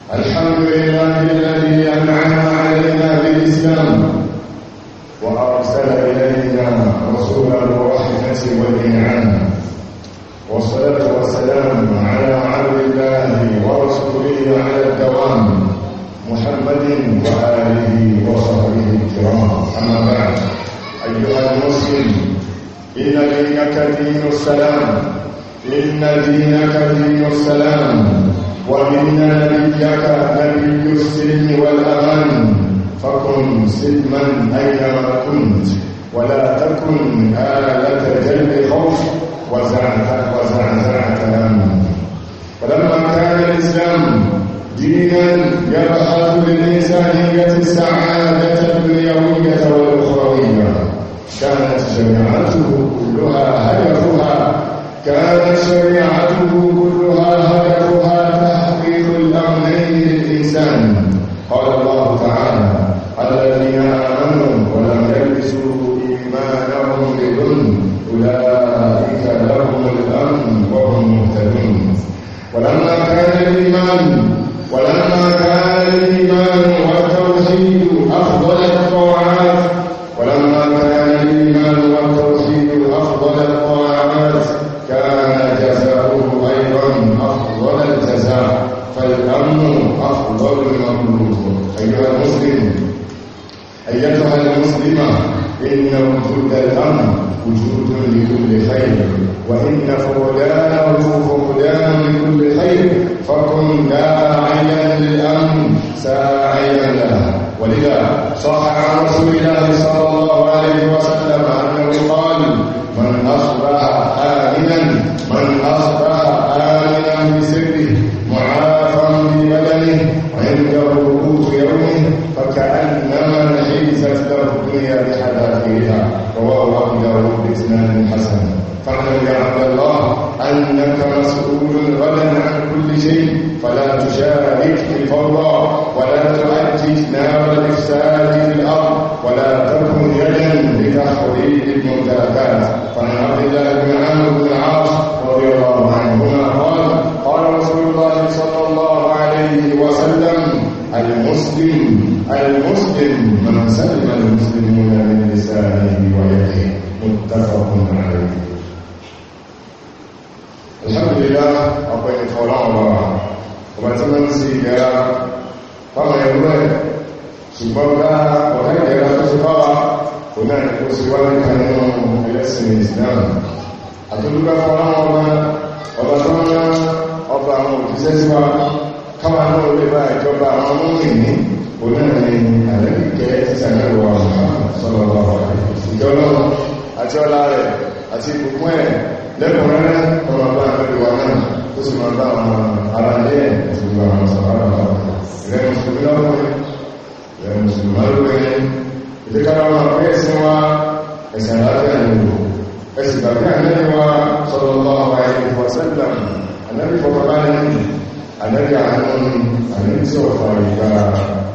الحمد لله الذي أنعم علينا بالإسلام وأرسل إلينا رسوله الرحمة والإنعام والصلاة والسلام على عبد الله ورسوله على الدوام محمد وآله وصحبه الكرام أما بعد أيها المسلم إن دينك دين السلام إن دينك دين السلام ومنا نبيك نبي السلم والأمان فكن سلما أينما كنت ولا تكن آلة جلب خوف وزعت أمن فلما كان الإسلام دينا يبحث للإنسانية السعادة الدنيوية والأخروية كانت شريعته كلها هدفها كانت شريعته كلها هدفها الأمرين للإنسان قال الله تعالى الذين آمنوا ولم يلبسوا إيمانهم بظلم أولئك لهم الأمن وهم مهتدون ولما كان الإيمان ولما كان الإيمان والتوحيد أفضل الطاعات المسلم أيتها المسلمة إن وجود الأمن وجود لكل خير وإن فقدانه فقدان لكل خير فكن داعيا للامن ساعيا له ولذا صح عن رسول الله صلى الله عليه وسلم أنه قال من أصبح آمنا من أصبح آمنا بسر بها رواه ابي داود بإسناد حسن فاعلم يا عبد الله أنك مسؤول غدا عن كل شيء فلا تشارك في الفوضى ولا تؤجج نار الإفساد في الأرض ولا تكن يدا لتخريب الممتلكات فعن عبد الله بن عمرو بن العاص رضي الله عنهما قال قال رسول الله صلى الله عليه وسلم المسلم المسلم من سلم المسلمون من لسانه ويده متفق عليه الحمد لله ọpẹ́ ni fọ́lá ọba ọba tí wọ́n ti gẹ́ra fáwọn ẹ̀rọ ẹ̀ ṣùgbọ́n bá ọ̀rẹ́ ìgẹ́ra tó ti fáwà kò náà ní kó sí wá ní Islam àtúndúgbà fọ́lá ọba ọba tó ń rán ọba àwọn káwọn náà lè bá ìjọba àwọn mọ́mìnì onáàrin àlẹ́kẹ́ ìsànlẹ̀wọ̀ sọ̀rọ̀ ìjọlọ́ àti ọlá rẹ̀ àti ìbùkún ẹ̀ lẹ́kùnrẹ́rẹ́ ọmọ bá àgbẹ̀wà náà ó sì máa bá àwọn ará ilé ẹ̀ àti ìgbà àwọn sọ̀rọ̀ ìrẹ́ mùsùlùmí lọ́wọ́ ìrẹ́ mùsùlùmí lọ́wọ́ ìdíkára wọn pé ẹ̀sìn wa ẹ̀sìn àlàáfíà ni wa sọ̀rọ̀ lọ́wọ́ àyẹ̀wò fọ́sẹ́ńtà àlẹ́gbà àwọn àmì tí ọ̀fà ìgbà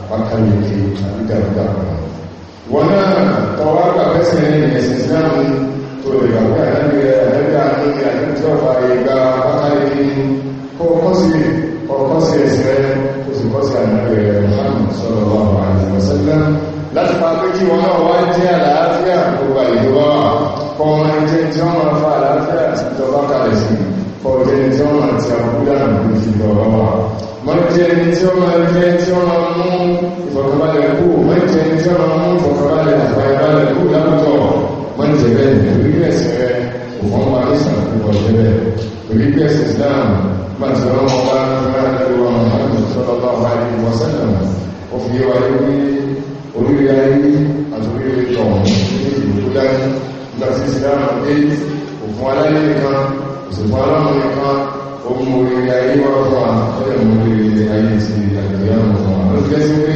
pákàlẹ̀kì àbídàbídà wọn náà tọwọ́ àgbàfẹ́sẹ̀ ní ẹ̀sìn ìsìláàmù tó lè gbàgbé àlẹ́gbà àwọn àmì tí ọ̀fà ìgbà pákàlẹ̀kì Muhammad sallallahu alaihi wasallam láti pa pé kí wọn náà wá jẹ́ àlàáfíà gbogbo àìjọba kọ́ ọ̀jẹ́ tí a máa ti àbúdá àbúrú ti lọ wá mọ́jẹ́ ní tí ó máa jẹ́ tí ó máa mú ìfọ̀kànbalẹ̀ kú mọ́jẹ́ ní tí ó máa mú ìfọ̀kànbalẹ̀ àbáyọ̀bálẹ̀ kú lábùtọ̀ mọ́jẹ́ bẹ́ẹ̀ ní orí ẹ̀sìn rẹ̀ òfò máa ní sàkú ọ̀jẹ́ bẹ́ẹ̀ orí ẹ̀sìn Islam bá ti rán wọn bá rárá lórí wọn láti sọ́dọ̀ bá wà ní wọ́sẹ̀nà ó fi wá lórí oríire ayé àti oríire tọ̀hún ní ìlú kúdá nígbà tí Islam dé òfin aláyé kan òṣùpá ọlọ́run nìkan ó mú oríire ayé wá fún wa ó lè mú oríire ayé ti àgbéyàwó fún wa ló jẹ́ sí pé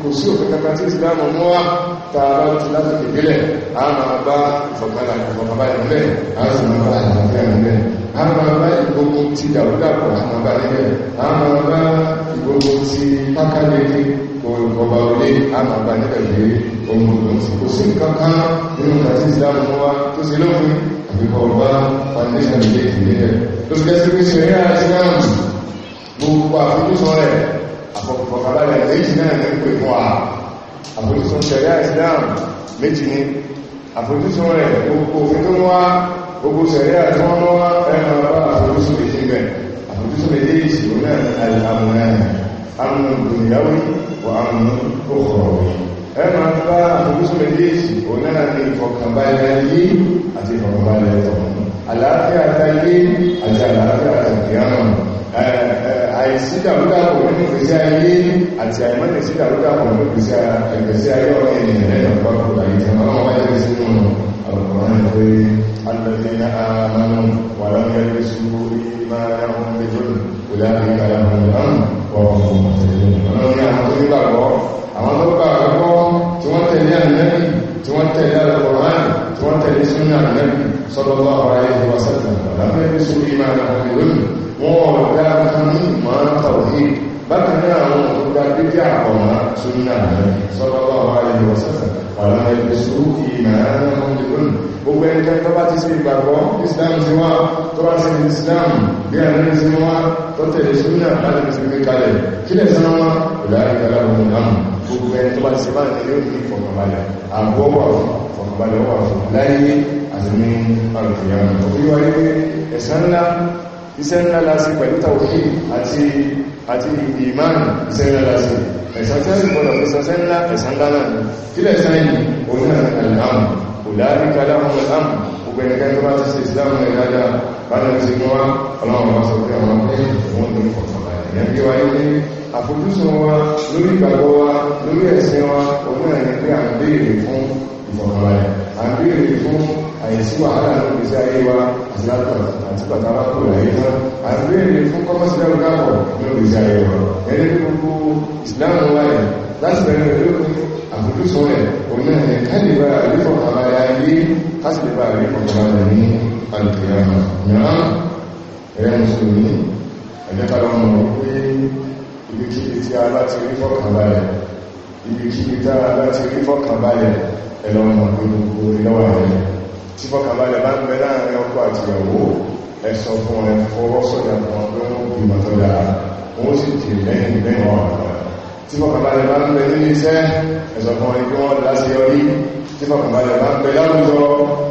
kò sí òfin kankan tí ìsìláàmù mú wá a bá ti láti ìbílẹ̀ a máa bá ìfọ̀kànlá ìfọ̀kànlá a sì máa bá ìfọ̀kànlá a máa bá ìgbógo ti dàrúdàpọ̀ a máa bá nílẹ̀ a máa bá ìgbógo ti pákálẹ̀ ní ọba olé a máa bá nílẹ̀ lé ọmọ ìgbọ̀nsìn kò sí nǹkan kan nínú kàtí ìsìláàmù wa tó ṣe lófin àbíkọ̀ ọba foundation ilé ìpínlẹ̀ tó ṣe kẹ́sí pé ṣẹ̀rí ara ìsìláàmù gbogbo àfojúsùn rẹ̀ àfọ̀kọ̀kọ̀kọ̀lẹ̀ méjì náà ní pè fún wa àfojúsùn ṣẹ̀rí ara ìsìláàmù méjì ni àfojúsùn rẹ̀ gbogbo òfin tó wá gbogbo ṣẹ̀rí ara tó wá ẹ̀rọ bá àfojúsùn méjì bẹ̀ àfojúsùn méjì ìṣòro náà ni àlùmọ́ àmì ìgbìyàwó wà àmì òkòrò ẹ máa ń bá àfojúsùn méjèèjì òun náà ní ìfọ̀kànbalẹ̀ ayé àti ìfọ̀kànbalẹ̀ ẹ̀tọ́ àlàáfíà àtàyé àti àlàáfíà àtàkìyàmọ̀ àìsí dàrúdàpọ̀ nínú ìgbésí ayé àti àìmọ́nì sí dàrúdàpọ̀ nínú ìgbésí ayé ọ̀rọ̀ ènìyàn lẹ́yìn ọ̀pọ̀ àyè tí wọ́n wọ́n wáyé sínú àlùkùnrin pé alẹ́lẹ́yìn àmàlù wà lọ́yẹ̀ lẹ́sù ìmáyà ọ̀hún lẹ́jọ́ ìlànà ìkàlà ọ̀hún wọ́n wọ́n صلى الله عليه وسلم لم يلبسوا إيمانهم بظلم ولا تكونوا مع التوحيد بكناهم قد بدعهما سنة صلى الله عليه وسلم ولم يلبسوا إيمانهم بظلم gbogbo ẹni tó bá ti sí ìgbàgbọ́ islam sí wá tó bá sí islam bí àrín sí wá tó tẹ̀lé súnà láti fi gbé kalẹ̀ kí lẹ̀ sán wá ìlàríkàlá ohun láyé àti ní alùpùyàmù òfíwá wípé ẹ̀san ńlá iṣẹ́ ńlá lásì pẹ̀lú tàwọ̀kí àti àti ìmáàmù iṣẹ́ ńlá lásì ẹ̀san tí a sì gbọ́dọ̀ fi sọ́sẹ́ ńlá ẹ̀san ńlá náà kílẹ̀ sáyìn òun náà alìhàmù òláàrí kaláhùn alìhàmù ògbẹ̀nìkan tó bá ti ṣe ìsìláàmù rẹ̀ dáadáa bá lọ sí wá ọlọ́run bá sọ pé àwọn ọmọdé òun ló ń fọ̀kànlá ìyẹn bí wáyé ní àfojúsùn wa lórí ìgbàgbọ́ wa lórí ẹ̀sìn wa òun náà ní pé à ń béèrè fún ìjọba rẹ̀ a ń bèèrè fún àìsí wàhálà ní ìgbésí ayé wa àti látọ̀ àti pàtàkì kò láyé tán a ń bèèrè fún kọ́mọ́sílẹ̀rù káàbọ̀ ní ìgbésí ayé wa ẹni gbogbo ìsìláàmù wáyé láti bẹ̀rẹ̀ lókun àfojúsùn rẹ̀ òun náà ní kálíbà àríkọ̀ àbáyá ayé kásìlíbà àríkọ̀ àbáyá ní alùpùpù náà ẹ̀rẹ́ mùsùlùmí ẹ̀jẹ̀ kálọ́mù pé ibi kí ibi ibi kíbi tára láti rí fọ́kànbalẹ̀ ẹlọ́mọ̀ gbogbo ìlọ́wà rẹ̀ tí fọ́kànbalẹ̀ bá ń bẹ láàrin ọkọ àti ìyàwó ẹ̀sọ̀ fún ẹ fọwọ́sọ̀dà kan lọ́rùn ìgbìmọ̀ tó dára wọ́n sì tì lẹ́yìn lẹ́yìn ọ̀rọ̀ tí fọ́kànbalẹ̀ bá ń bẹ nínú iṣẹ́ ẹ̀sọ̀ fún ẹni pé wọ́n láti yọrí tí fọ́kànbalẹ̀ bá ń bẹ láwùjọ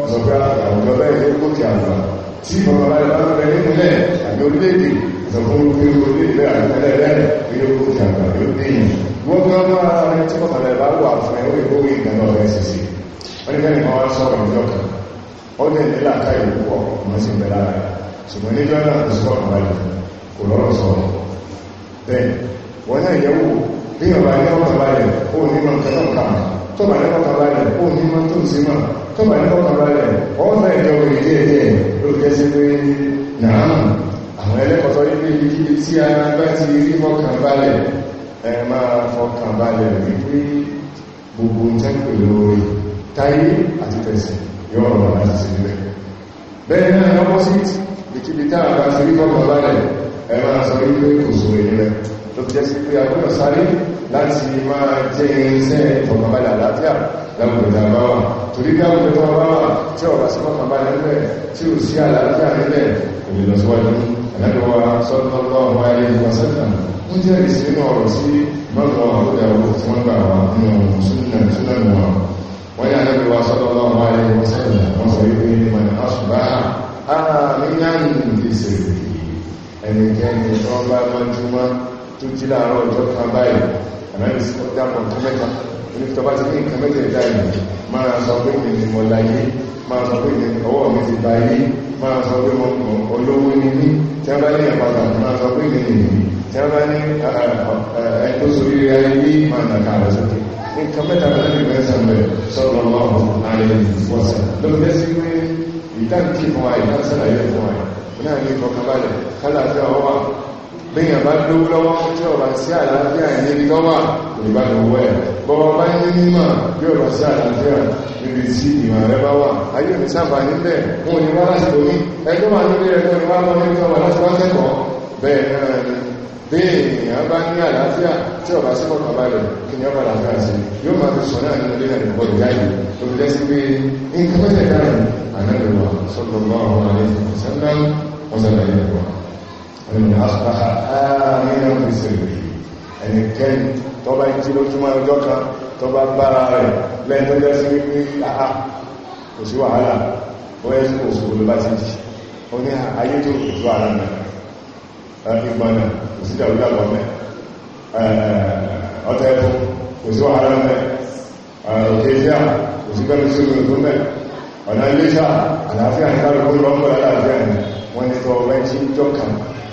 ẹ̀sọ̀ pé àwùjọ bẹ́ẹ̀ ló gòkè àgbà tí fọ́kànbalẹ̀ bá ń bẹ nípìnlẹ̀ àti orílẹ̀-èdè ẹ̀sọ̀ wọ́n gan mọ́ ara rẹ̀ tí kọ̀kọ̀ rẹ̀ bá wà fún ẹ̀ òyìnbó ìgbàlọ́ rẹ̀ sì sí wọ́n ní kẹ́rin kan wá sọ̀rọ̀ ní ọ̀kà ó dẹ̀ nílà ká ìlú pọ̀ wọ́n sì bẹ̀ lára rẹ̀ ṣùgbọ́n níjọ́ náà kò sọ̀rọ̀ wáyé kò lọ́rọ̀ sọ̀rọ̀ bẹ́ẹ̀ wọ́n náà yẹ̀wò bí ọba ní ọkà balẹ̀ ó ní mọ̀ nǹkan náà kà tó bá ní ọkà balẹ̀ ó ní mọ̀ tó sí mọ̀ tó bá ní ọkà balẹ̀ ọ̀nà ìjọ òye díẹ̀ díẹ̀ ló jẹ́ sí pé nàá àwọn ẹlẹ́kọ̀ọ́ tó rí pé ibi tí a bá ti rí mọ́kàn balẹ̀ ẹ máa fọkàn balẹ̀ wípé gbogbo tẹ́kù lórí táyé àti tẹ̀sì yóò rọ̀ láti sí ilẹ̀ bẹ́ẹ̀ náà lọ́pọ̀sít ìkìbí táà bá ti rí fọkàn balẹ̀ ẹ máa sọ wípé kò sọ ilẹ̀ tó jẹ́ sí pé agbọ́dọ̀ sáré láti máa jẹ́ irinṣẹ́ fọkàn balẹ̀ àlàáfíà lágbègbè bá wà torí lágbègbè tó bá wà tí ọ̀rọ̀ sí fọkàn balẹ̀ nílẹ̀ ó jẹ́ ìsìn nínú ọ̀rọ̀ sí mọ́lùmọ́ àwọ́dẹ̀ àwọn tí wọ́n gbà wá nínú súnà súnà nù wọn wọ́n yà lẹ́bí wa sọ́dọ̀ ọlọ́run wá ilé wọn sẹ́yìn wọ́n sọ wípé mọ̀ ní àṣùbá ọjọ́ mẹ́rin sí ọjà kan tó mẹ́ta ní tọba ti ní nǹkan mẹ́tẹ̀ ìdá ìlú máa sọ pé mi ni mo láyé máa sọ pé ọwọ́ mi ti bá yé máa sọ pé mo olówó ní ní tí a bá ní àpàtà máa sọ pé mi ni tí a bá ní ẹ̀tọ́ sórí ayé máa nà ká àrẹ́sẹ̀ nǹkan mẹ́ta mẹ́ta ní mẹ́sàn bẹ̀rẹ̀ sọ́dọ̀ ọlọ́run ààrẹ ìwọ̀sẹ̀ lóbi sí pé ìdáǹkì fún wa ìdáǹsẹ̀lẹ̀ yẹ fún wa náà bíyàn bá lówó lọ́wọ́ tí ọ̀rọ̀ sí àlàáfíà ìlérí lọ́wà ìbá lọ́wọ́ ẹ̀ bọ́wọ́ bá ní mímọ̀ bí ọ̀rọ̀ sí àlàáfíà níbi tí ìmọ̀ rẹ bá wà ayé mi sábà níbẹ̀ wọn ni wá láti lómi ẹjọ́ wà nílé ẹjọ́ ni wá lọ ní ọmọ láti wá kẹ́kọ̀ọ́ bẹ́ẹ̀ náà ni bíyàn bá ní àlàáfíà tí ọ̀rọ̀ sí kọ̀kọ̀ balẹ̀ ni ọba làáfíà sí yóò máa fi sọ náà nínú ilé ẹ̀rọ bọ́ọ̀lù jáde tó fi lẹ́sí pé nǹkan mẹ́tẹ̀ẹ̀dá rẹ̀ àná lè wà sọ́dọ̀ bá ọ̀rọ̀ àlejò sẹ́ńdá ẹni àpàá àárín ọ̀fíìsì rẹ̀ ẹnikẹ́ni tó bá jí lójúmọ́ ọjọ́ kan tó bá bára rẹ̀ lẹ́yìn tó jẹ́ sí wípé àá kò sí wàhálà bóyẹ́ sí oṣù ló bá ti jì ó ní ayé tó kò sí wàhálà mẹ́ ìgbọ̀nà kò sí dàrúdàbọ̀ mẹ́ ọ̀tẹ̀ ẹ̀kọ́ kò sí wàhálà mẹ́ òkè iṣẹ́ kò sí pẹ́lú sí òṣù mẹ́ ọ̀nà ilé ṣáà àlàáfíà ní kálukú lọ́pọ̀ àlàáfíà ni wọ́n ti sọ ọ̀rẹ́ tí ń jọ́ kàn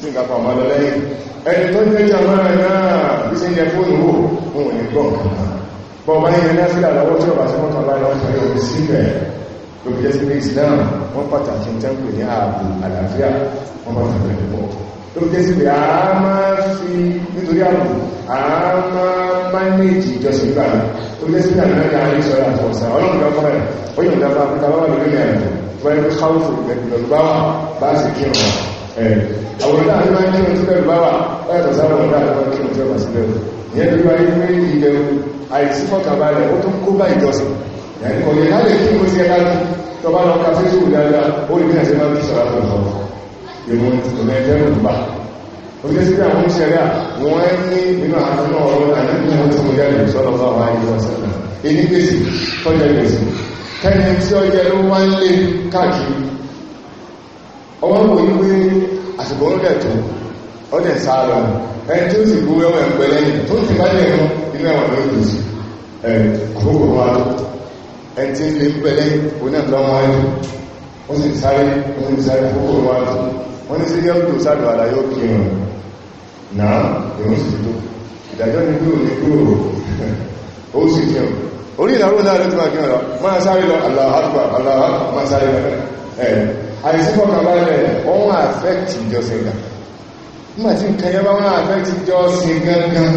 tí nǹkan kan ọmọdé lẹ́yìn ẹni tó jẹ́ jàmá náà bí sí ń jẹ fóònù wò òun ní gbọ́n kankan bọ́ bá yẹn ní ásílà lọ́wọ́ tí ọba sí mọ́tàn láì lọ́wọ́ yóò fi sí bẹ̀ tó fi jẹ́ sí pé Islam wọ́n pàtàkì ń tẹ́ǹpẹ̀ ní ààbò àlàáfíà wọ́n bá fi bẹ̀rẹ̀ pọ̀ tó fi jẹ́ sí pé a máa fi nítorí ààbò a máa mánéèjì ìjọsìn gbà tó fi jẹ́ sí pé àmì náà ní sọ́ra àfọ̀sà ọlọ́run dáfọ́ rẹ̀ ó yàn dáfọ́ àpótá bá wà lórí ẹ̀rọ tó bá yẹ kí káwùfù àwòrán náà ní máa ń kírun tí bẹ́ẹ̀ bá wà láìsọ̀ sáwọn ọ̀dá àti máa kírun tí ó bá sí bẹ́ẹ̀ ìyẹn tó wáyé pé ilẹ̀ àìsí fọ́kànbalẹ̀ ó tún kó bá ìjọsìn ìyẹn kò lè lálẹ́ kí mo ti ẹ̀ka tó bá lọ ka sí ìṣòwò dáadáa ó lè bí àti máa fi sọ̀rọ̀ àtọ̀ lọ ìmú ìmọ̀ ọmọ wò yí pé àsìkò oúnjẹ tó ọdẹ sáàrọ̀ ẹni tí ó sì gbó ẹwọ ẹgbẹ́ lẹ́yìn tó ti bá lẹ́yìn inú ẹwọ̀n ló lò sí àkókò wa ẹni tí ń lè ń bẹ lẹ́yìn onígbàmọ́ ayé ó sì sáré ó sì sáré àkókò wa wọ́n ní sí yẹ́ tó sáàrọ̀ àlàyé ó kí ẹ̀rùn náà èrùn sì tó ìdájọ́ ní kúrò ní kúrò ó sì kí ẹ̀rùn orí ìlàrú náà ló ti máa kí sáré lọ aláàbà aláàbà máa sáré lọ ẹ̀rùn àìsífọ̀kànbalẹ̀ ọ̀hún affect ìjọsìn gan nígbà tí nǹkan yẹn bá wọ́n affect ìjọsìn gangan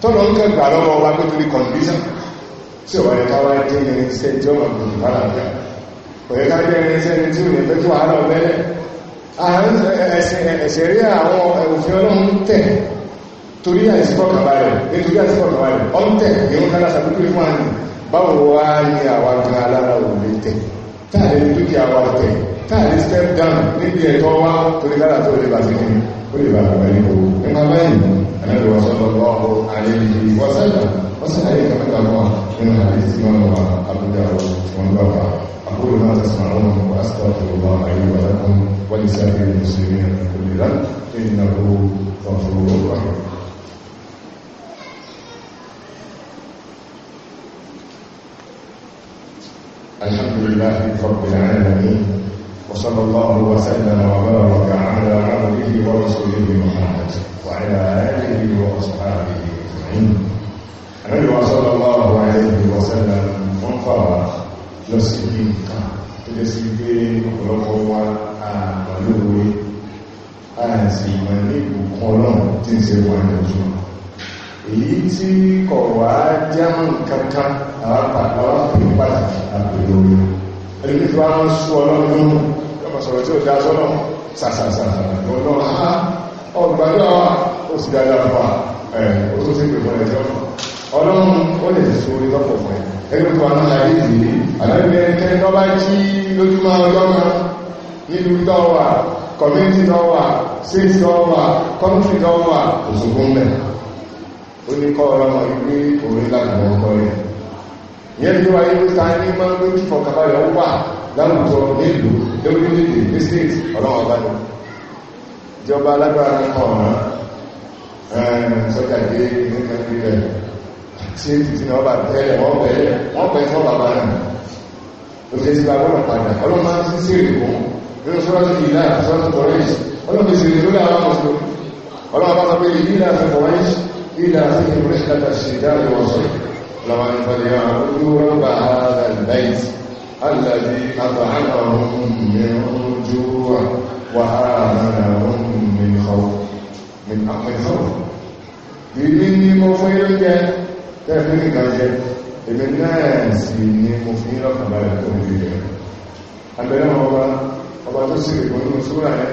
tọ́lọ ń kẹ́ gbà lọ́wọ́ wa pé torí condition tí ò wà ní káwá dé ní iṣẹ́ ìjọba gbòòrò bá làbẹ́ òye ká dé ní iṣẹ́ tí ò ní fẹ́ kí wàhálà ọ̀bẹ́lẹ̀ ẹ̀sẹ̀ rí àwọn òfin ọlọ́run tẹ̀ torí àìsífọ̀kànbalẹ̀ nítorí àìsífọ̀kànbalẹ̀ ọ̀ ń tẹ̀ èyí ń kára sàkókò ìfún àná báwo wá ní àwọn agbára alára òun lè tẹ̀ táàrí dúkìá wa tẹ̀ táàrí step down níbi ẹ̀tọ́ wá torí lára tó lè bá sí ní ó lè bá bàbá ní owó nípa báyìí ẹ̀rọ ìwọ̀sọ́lọ́ lọ́wọ́ àlejò ìwọ̀sẹ́lá ó sì láyé kàmẹ́ta fún wa nínú àdéhùn wọn wà àbújá wọn bá wa أقول ما تسمعون وأستغفر الله لي ولكم ولسائر المسلمين من كل ذنب إنه غفور رحيم الحمد لله رب العالمين وصلى الله وسلم وبارك على عبده ورسوله محمد وعلى آله وأصحابه أجمعين النبي صلى الله عليه وسلم انفرد لسيدين لسيدين ولقوا آمنوا آسما لكم قولون تنسوا عن الجمعة èyí tí kọ̀ wá jámù kankan àwọn pàtàkì àwọn pàtàkì àpèrè orí ẹni tí wọ́n máa sú ọlọ́run lóhùn lọ́mọ sọ̀rọ̀ tí ó dá wa ó sì wa ẹ̀ ó tó sì pè fún ẹjọ́ ọlọ́run ó lè sí orí lọ́pọ̀ fún ẹ ẹni tó wọn náà yé ìdílé àlọ́bí ẹnikẹ́ni tó bá jí lójúmọ́ ọlọ́run nílùú tó wà kọ̀míntì tó wà síìtì tó òṣùgbọ́n mẹ́ta ó ní kọ́ ọlọ́mọ wípé òun lànà ọkọ rẹ̀ ìyẹn ní wáyé ló ta ní máa ń lójú fọkàbalẹ̀ ó wà láwùjọ nílùú lórílẹ̀-èdè ní state ọlọ́wọ́n bá ní ìjọba alágbára ní ọ̀ràn sọ́jà dé ní nàìjíríà ṣé títí náà bá tẹ́lẹ̀ wọ́n bẹ̀rẹ̀ wọ́n pẹ̀ fún bàbá náà ó ṣe ti bàbá náà padà ọlọ́mọ máa ń tún sí èrè fún nínú sọ́rọ́sì ìlà sọ́rọ́sì kọ́rẹ́jì ọlọ́mọ ìṣèlú lórí àwọn mùsùlùmí ọlọ́mọ bá sọ pé إلى فيه رحلة الشتاء والصيف لمن فليعبدوا رب هذا البيت الذي أطعمهم من جوع وآمنهم من خوف من أمن خوف ìlú ni mo fún ilé jẹ tẹ́fún nìkan jẹ èmi náà sì ni mo fún ilé ọkàbàlẹ̀ tó ń gbé jẹ abẹ́rẹ́ ọba ọba tó sì rí pẹ̀lú sóra yẹn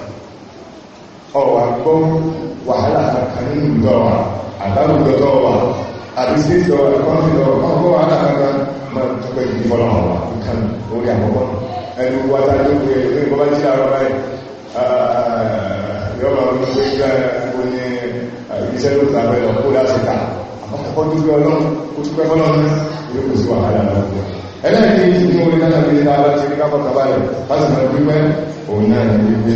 ọ̀wà gbọ́ wàhálà kankan nínú ìjọ wa àbáwùjọ tó wà àbí sí ìjọ wa kọ́ńtì lọ kọ́ gbọ́ wàhálà kankan máa ń tọ́pẹ́ ìdí fọ́lọ́ wa nǹkan orí àkọ́kọ́ ẹnu wa ta ló pe ẹgbẹ́ ìbọn bá jí àrọ́ báyìí yọ máa ń gbé gbá ẹ̀kọ́ ní iṣẹ́ ló ta bẹ́ẹ̀ lọ kó láti ta àkọ́kọ́ tó gbé ọlọ́run ó tún pẹ́ fọ́lọ́run ìlú kò sí wàhálà tí ìdí orí náà lè ta bá ti rí kápọ̀ láti máa gbé òun náà lè gbé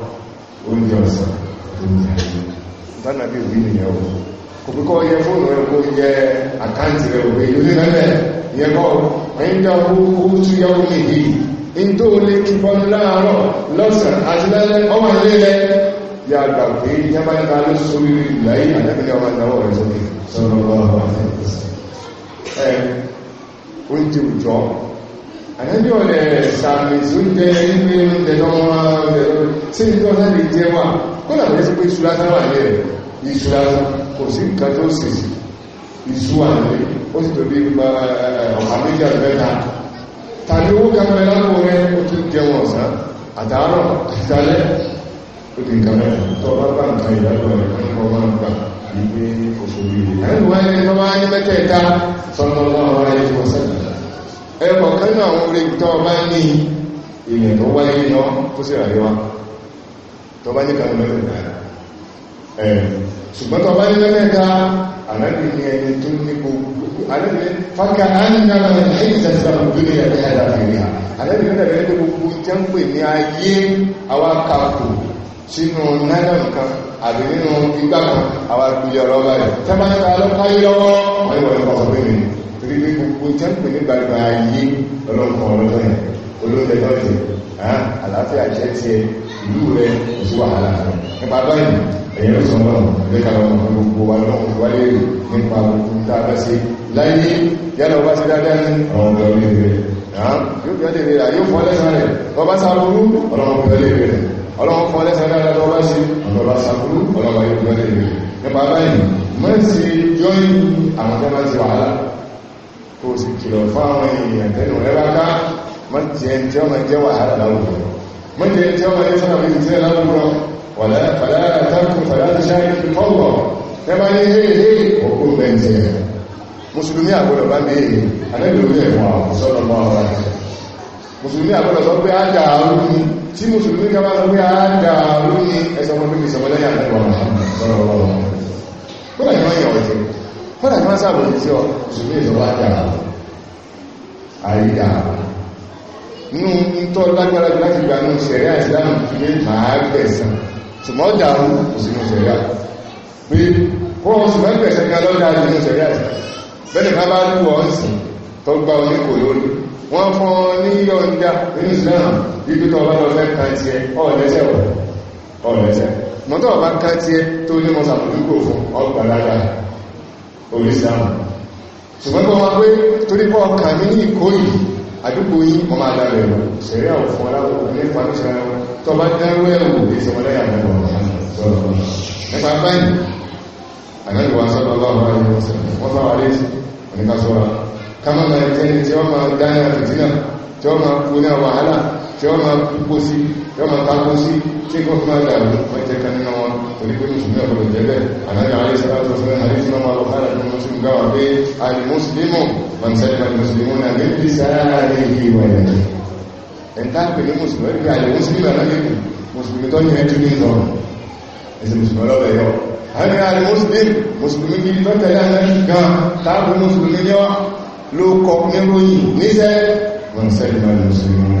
oúnjẹ ọ̀sán oúnjẹ ayé tánà bí òbí nìyẹn o kò pé kọ́ yẹ fóònù rẹ kó yẹ àkáǹtì rẹ òwe ilé lẹ́lẹ̀ yẹ kọ́ ẹ̀yìn dá owó owó tún yá omi yìí ń tó lé kí bọ́nú láàárọ̀ lọ́sàn àti lálẹ́ ọmọ ilé rẹ yà gbà pé yẹn bá ń ta ló sórí ìlàyé àdábìlẹ̀ ọmọ ìdáwọ̀ rẹ sókè sọ́nà ọlọ́run àti ìgbésẹ̀ ẹ̀ oúnjẹ òjọ́ àyẹ́bí ọ̀lẹ̀ sàmì tí ó jẹ́ ilé oúnjẹ lọ́wọ́ ẹ̀rọ tí ìlú ọ̀lẹ́ lè jẹ́ wà kó làbẹ́ sí pé ìṣúra tán wà lẹ́ẹ̀ ìṣúra kò sí nǹkan tó sì ìṣú wà lẹ́ẹ̀ ó sì tó bí eh, ọ̀pá méjì àgbẹ́ta tàbí owó kamẹ́rẹ́ lápò rẹ ó tún jẹun ọ̀sán àtàárọ̀ àtàlẹ́ ó ti nǹkan mẹ́ta tó bá bá nǹkan rẹ̀ kọ́ ẹ̀kọ́ kánú àwọn orí tó bá ní ilẹ̀ tó wáyé náà tó sì ràyíwá tó bá ní kanú mẹ́lẹ̀dá ẹ̀ ṣùgbọ́n tó bá ní mẹ́lẹ̀dá alábi ní ẹni tó ní gbogbo alábi fákà ánìyàn ẹ̀ẹ́sẹ̀sẹ̀ àbí nínú igbá kan àwọn àgbìyànjọ́ rẹ̀ tẹ́bàtà lọ́pàá yíyọ́wọ́ wọ́n yíwọ̀ ìpàtàkì torí pé gbogbo tẹ́ǹpẹ̀ nígbàgbà ayé ọlọ́pọ̀ ọlọ́dọ̀ ẹ̀ olóòjẹ́ lọ́dẹ̀ àlàáfíà jẹ́ ti ẹ ìlú rẹ sí wàhálà nípa báyìí ẹ̀yẹ́ ló sọ́nà ẹ̀lẹ́ kalọ́mọ̀ gbogbo wa lọ́wọ́ wáyé nípa gbogbo tá a bá ṣe láyé yálà ọba ti dáadáa ní àwọn ọ̀gá orí rẹ̀ yóò fi ọdẹ rẹ̀ yóò fọ́ lẹ́sàn rẹ̀ ọba sàbúrú ọlọ́wọ́ fi ọdẹ rẹ̀ ọlọ́wọ́ fọ́ lẹ́sàn dáadáa lọ́wọ́ ṣe ọba sàbúrú ọlọ́wọ́ yóò fi ọdẹ rẹ̀ nípa báyìí mọ́ sí yọ́yìn àwọn tẹ́ kó o sì kìlọ̀ fún àwọn èèyàn tẹnu rẹ bá ká mọ́jẹ tí ọmọ jẹ́ wàhálà láwùjọ mọ́jẹ tí ọmọ jẹ́ sábà bíi tẹ́lẹ̀ láwùjọ wàlá fàlá àtàkùn fàlá ti ṣáà kí kọ́gbọ̀ ẹ bá ní hé hé òkú bẹ́ńtẹ̀ mùsùlùmí àgbọ̀dọ̀ bá mi èyí alẹ́lòmí ẹ̀wọ̀n àwọn sọ́dọ̀ mọ́ ọ̀rọ̀ àti mùsùlùmí àgbọ̀dọ̀ sọ pé á dà àrú ni tí mùsùlùmí ká pé á dà àrú ni ẹsọ̀mọ́ pé kìí wọ́n sàbòsí sí ọ ṣùgbọ́n ìjọba dára àrídà nínú ìtọ́ lágbára jù láti gbà nínú sẹ̀rí àìsílámù kí ní máa gbẹ̀sán ṣùgbọ́n dàrú kò sínú sẹ̀rí à pé kó wọn ṣùgbọ́n gbẹ̀sán ní alọ́dà nínú sẹ̀rí àìsílámù bẹ́ẹ̀ ká bá lù ọ́ sí tó gba ọ ní kò lórí wọ́n fọ́n ní yọ̀ǹda nínú ìsìlámù bí pé tọ́ bá lọ fẹ́ kan tiẹ̀ ọ̀ lẹ́sẹ̀ ọ̀ lẹ́sẹ̀ mọ́tọ́ bá kan tiẹ̀ olùsìlámù ṣùgbọ́n tó wọ́n pé torí pọ́ ọkàn ní ìkóyì àdúgbò yí wọ́n máa dára ẹ̀rọ ṣẹ̀rí àwọn fún aláwọ̀ nípa ní ṣẹ̀rọ tó bá dáró ẹ̀wò ìṣọmọlẹ́yà mẹ́wàá nípa báyìí àgbàlùwà sọ́dọ̀ ọlọ́run ayé wọ́n sáwà lé oníkàṣọ́ra ká má máa jẹ́ni tí wọ́n máa dáná fìtínà tí wọ́n máa kú ní wàhálà tí wọ́n máa dúpó sí tí wọ́n máa tako sí tí kò fún àjà ló wọ́n jẹ́ kan nínú wọn torí pé mùsùlùmí ọ̀pọ̀lọ̀ jẹ́lẹ̀ àdájọ́ ààrẹ ìsọ́lọ́sọ́ fún ààrẹ tí wọ́n máa lọ fára ní mùsùlùmí gáwà pé ààrẹ mùsùlùmí wọn sẹ́lẹ̀ máa mùsùlùmí náà ní bí sáàárẹ̀ yìí wọ̀ ẹ̀ ẹ̀ńtà pè ní mùsùlùmí pé ààrẹ mùsùlùmí náà ní mùsùlùmí tó yẹ jù ní ìlọrùn ẹ̀sìn mùsùlùmí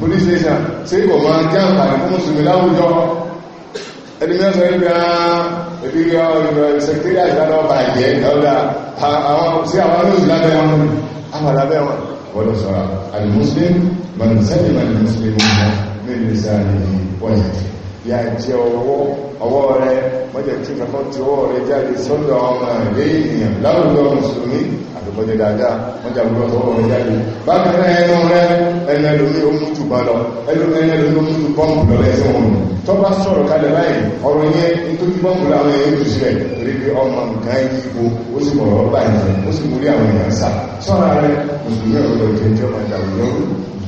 police station ṣe ìbọ̀ máa jẹ́ àǹfààní fún mùsùlùmí láwùjọ ẹni mẹ́rin sọ nígbà ẹbí sẹkítẹ́rì àìsàn ọba ìjẹ́ ìdáwọ́dà ah, àwọn sí àwọn olóòsì lábẹ́ wọn àwọn lábẹ́ wọn wọ́n lọ sọ̀rọ̀ àdìmúsílẹ̀ mọ̀nìsẹ́lẹ̀ mọ̀nìmúsílẹ̀ mọ̀ ìyà jẹ ọwọ́ ọwọ́ rẹ mọ́jẹ̀ tí kankan ti ọwọ́ rẹ jáde sọ́dọ̀ ọmọ ilé ènìyàn láwùjọ mùsùlùmí àtòkọjẹ dáadáa mọ́jẹ̀ àwùjọ ọwọ́ rẹ jáde bákan náà ẹnu rẹ ẹnu ẹlòmí ó mú jù bá lọ ẹnu ẹlòmí ó mú jù bọ́ǹkù lọ lẹ́sẹ̀ wọn tó bá sọ̀rọ̀ kalẹ̀ báyìí ọ̀rọ̀ yẹn nítorí bọ́ǹkù láwọn èèyàn jù sílẹ̀ torí pé ọmọ nǹkan yí ipò ó sì mọ̀rọ̀ báyìí ó sì mú rí àwọn èèyàn sá sọ́ra rẹ mùsùlùmí ọ̀rọ̀ ìjẹjọ́ máa dàrú lọ́rùn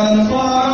al